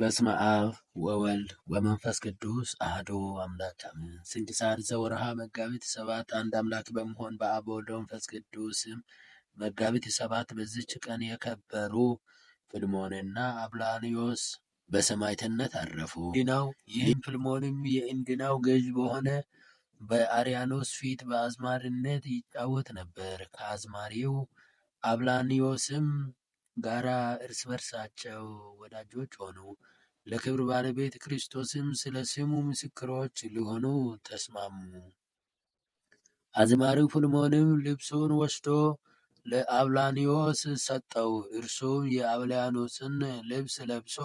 በስመ አብ ወወልድ ወመንፈስ ቅዱስ አህዶ አምላክ አሜን። ስንክሳር ዘወርሃ መጋቢት ሰባት አንድ አምላክ በመሆን በአብ ወወልድ ወመንፈስ ቅዱስም መጋቢት ሰባት በዚች ቀን የከበሩ ፍልሞንና አብላኒዮስ በሰማዕትነት አረፉ። እንዲናው ይህም ፍልሞንም የእንድናው ገዥ በሆነ በአርያኖስ ፊት በአዝማሪነት ይጫወት ነበር። ከአዝማሪው አብላኒዮስም ጋራ እርስ በርሳቸው ወዳጆች ሆኑ። ለክብር ባለቤት ክርስቶስም ስለ ስሙ ምስክሮች ሊሆኑ ተስማሙ። አዝማሪው ፍልሞንም ልብሱን ወስዶ ለአብላኒዮስ ሰጠው። እርሱም የአብላኒዮስን ልብስ ለብሶ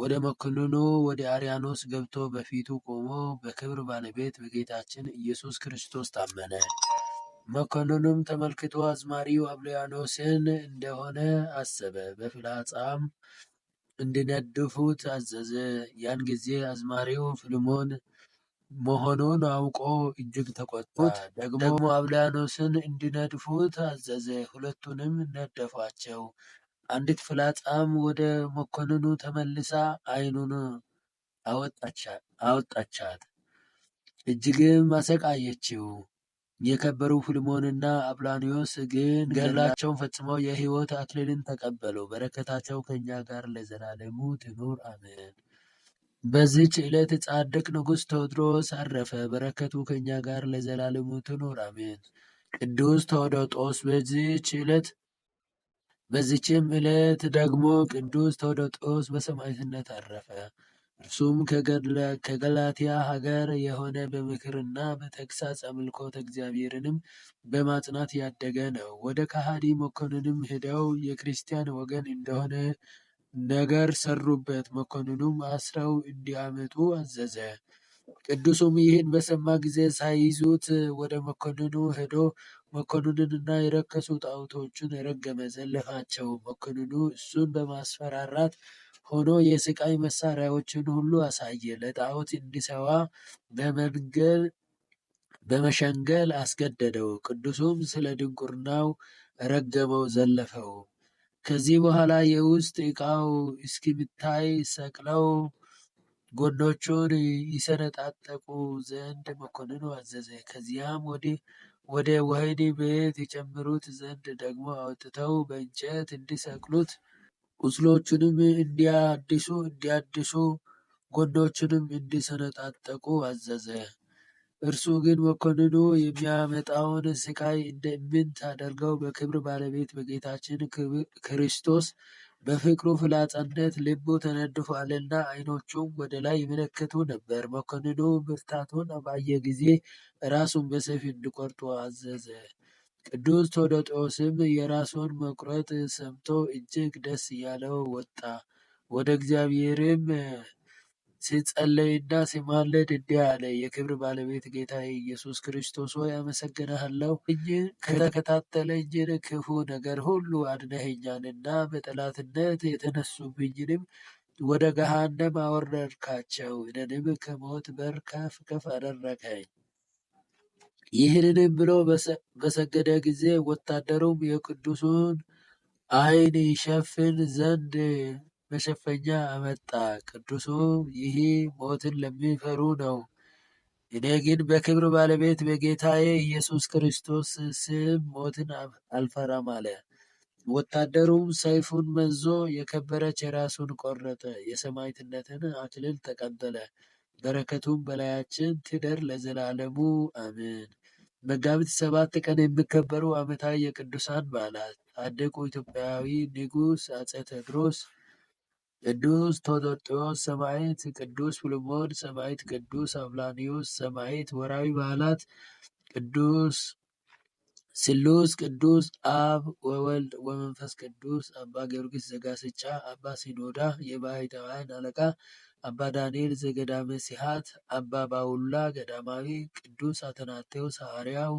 ወደ መኮንኑ ወደ አርያኖስ ገብቶ በፊቱ ቆሞ በክብር ባለቤት በጌታችን ኢየሱስ ክርስቶስ ታመነ። መኮንኑም ተመልክቶ አዝማሪው አብልያኖስን እንደሆነ አሰበ። በፍላጻም እንዲነድፉት አዘዘ። ያን ጊዜ አዝማሪው ፊልሞን መሆኑን አውቆ እጅግ ተቆጡት ደግሞ አብልያኖስን እንዲነድፉት አዘዘ። ሁለቱንም ነደፏቸው። አንዲት ፍላጻም ወደ መኮንኑ ተመልሳ አይኑን አወጣቻት፣ እጅግም አሰቃየችው። የከበሩ ፊልሞንና አጵላኖስ ግን ገድላቸውን ፈጽመው የሕይወት አክሊልን ተቀበሉ። በረከታቸው ከእኛ ጋር ለዘላለሙ ትኑር አሜን። በዚች ዕለት ጻድቅ ንጉሥ ቴዎድሮስ አረፈ። በረከቱ ከእኛ ጋር ለዘላለሙ ትኑር አሜን። ቅዱስ ቴዎዶጦስ በዚች ዕለት በዚችም ዕለት ደግሞ ቅዱስ ቴዎዶጦስ በሰማዕትነት አረፈ። እርሱም ከገላትያ ሀገር የሆነ በምክርና በተግሳጽ አምልኮት እግዚአብሔርንም በማጽናት ያደገ ነው። ወደ ከሃዲ መኮንንም ሄደው የክርስቲያን ወገን እንደሆነ ነገር ሰሩበት መኮንኑም አስረው እንዲያመጡ አዘዘ። ቅዱሱም ይህን በሰማ ጊዜ ሳይዙት ወደ መኮንኑ ሄዶ መኮንኑንና የረከሱ ጣዖቶቹን ረገመ፣ ዘለፋቸው። መኮንኑ እሱን በማስፈራራት ሆኖ የስቃይ መሳሪያዎችን ሁሉ አሳየ። ለጣዖት እንዲሠዋ በመሸንገል አስገደደው። ቅዱሱም ስለ ድንቁርናው ረገመው፣ ዘለፈው። ከዚህ በኋላ የውስጥ ዕቃው እስኪምታይ ሰቅለው ጎኖቹን ይሰነጣጠቁ ዘንድ መኮንኑ አዘዘ። ከዚያም ወደ ወህኒ ቤት የጨምሩት ዘንድ ደግሞ አውጥተው በእንጨት እንዲሰቅሉት ቁስሎቹንም እንዲያድሱ እንዲያድሱ ጎኖቹንም እንዲሰነጣጠቁ አዘዘ። እርሱ ግን መኮንኑ የሚያመጣውን ሥቃይ እንደምታደርገው በክብር ባለቤት በጌታችን ክርስቶስ በፍቅሩ ፍላጻነት ልቡ ተነድፏልና ዓይኖቹም ወደ ላይ ይመለከቱ ነበር። መኮንኑ ብርታቱን ባየ ጊዜ ራሱን በሰይፍ እንዲቆርጡ አዘዘ። ቅዱስ ቴዎዶጦስም የራሱን መቁረጥ ሰምቶ እጅግ ደስ እያለው ወጣ። ወደ እግዚአብሔርም ሲጸለይና ሲማለድ እንዲህ አለ። የክብር ባለቤት ጌታ ኢየሱስ ክርስቶስ ሆይ አመሰግንሃለሁ። እኝ ከተከታተለኝን ክፉ ነገር ሁሉ አድነኸኛልና በጠላትነት የተነሱብኝንም ወደ ገሃነም አወረድካቸው። እኔንም ከሞት በር ከፍ ከፍ አደረግኸኝ። ይህንንም ብሎ በሰገደ ጊዜ ወታደሩም የቅዱሱን ዓይን ይሸፍን ዘንድ መሸፈኛ አመጣ። ቅዱሱም ይህ ሞትን ለሚፈሩ ነው፣ እኔ ግን በክብር ባለቤት በጌታዬ ኢየሱስ ክርስቶስ ስም ሞትን አልፈራም አለ። ወታደሩም ሰይፉን መዞ የከበረች የራሱን ቆረጠ፣ የሰማዕትነትን አክሊል ተቀበለ። በረከቱም በላያችን ትደር ለዘላለሙ አሜን። መጋቢት ሰባት ቀን የሚከበሩ ዓመታዊ የቅዱሳን በዓላት አደቁ ኢትዮጵያዊ ንጉሥ አጼ ቴዎድሮስ፣ ቅዱስ ቴዎዶጥዮስ ሰማዕት፣ ቅዱስ ፍልሞን ሰማዕት፣ ቅዱስ አብላኒዮስ ሰማዕት። ወርሃዊ በዓላት ቅዱስ ስሉስ ቅዱስ አብ ወወልድ ወመንፈስ ቅዱስ አባ ጊዮርጊስ ዘጋስጫ አባ ሲኖዳ የባሕታውያን አለቃ አባ ዳንኤል ዘገዳመ ሲሐት አባ ባውላ ገዳማዊ ቅዱስ አትናቴዎስ ሐዋርያው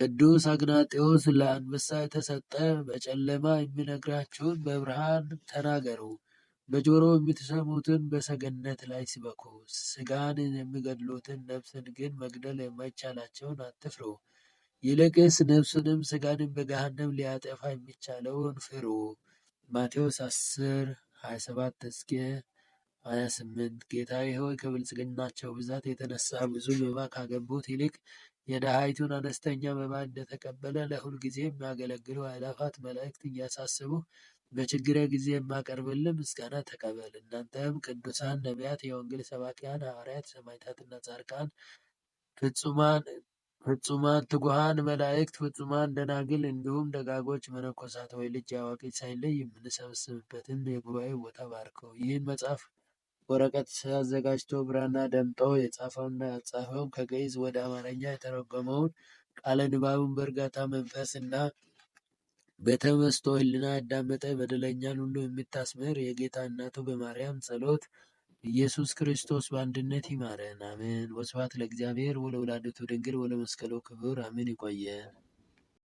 ቅዱስ አግናጤዎስ ለአንበሳ የተሰጠ በጨለማ የሚነግራችሁን በብርሃን ተናገሩ፣ በጆሮ የምትሰሙትን በሰገነት ላይ ስበኩ። ስጋን የሚገድሉትን ነፍስን ግን መግደል የማይቻላቸውን አትፍሩ። ይልቅስ ነፍሱንም ሥጋንም በገሃነም ሊያጠፋ የሚቻለውን ፍሩ። ማቴዎስ 10 27 እስከ 28 ጌታ ሆይ ከብልጽግናቸው ብዛት የተነሳ ብዙ መባ ካገቡት ይልቅ የድሃይቱን አነስተኛ መባ እንደተቀበለ ለሁል ጊዜ የሚያገለግሉ አእላፋት መላእክት እያሳስቡ በችግረ ጊዜ የማቀርብልን ምስጋና ተቀበል። እናንተም ቅዱሳን ነቢያት፣ የወንጌል ሰባኪያን ሐዋርያት፣ ሰማዕታትና ጻድቃን ፍጹማን ፍጹማን ትጉሃን መላእክት ፍጹማን ደናግል እንዲሁም ደጋጎች መነኮሳት ወይ ልጅ አዋቂ ሳይለይ የምንሰበስብበትን የጉባኤ ቦታ ባርከው ይህን መጽሐፍ ወረቀት አዘጋጅቶ ብራና ደምጦ የጻፈውና ያጻፈው ከግዕዝ ወደ አማርኛ የተረጎመውን ቃለ ንባቡን በእርጋታ መንፈስ እና በተመስጦ ህልና ያዳመጠ በደለኛን ሁሉ የሚታስምር የጌታ እናቱ በማርያም ጸሎት ኢየሱስ ክርስቶስ በአንድነት ይማረን አሜን። ወስብሐት ለእግዚአብሔር ወለወላዲቱ ድንግል ወለመስቀሉ ክቡር አሜን። ይቆየን።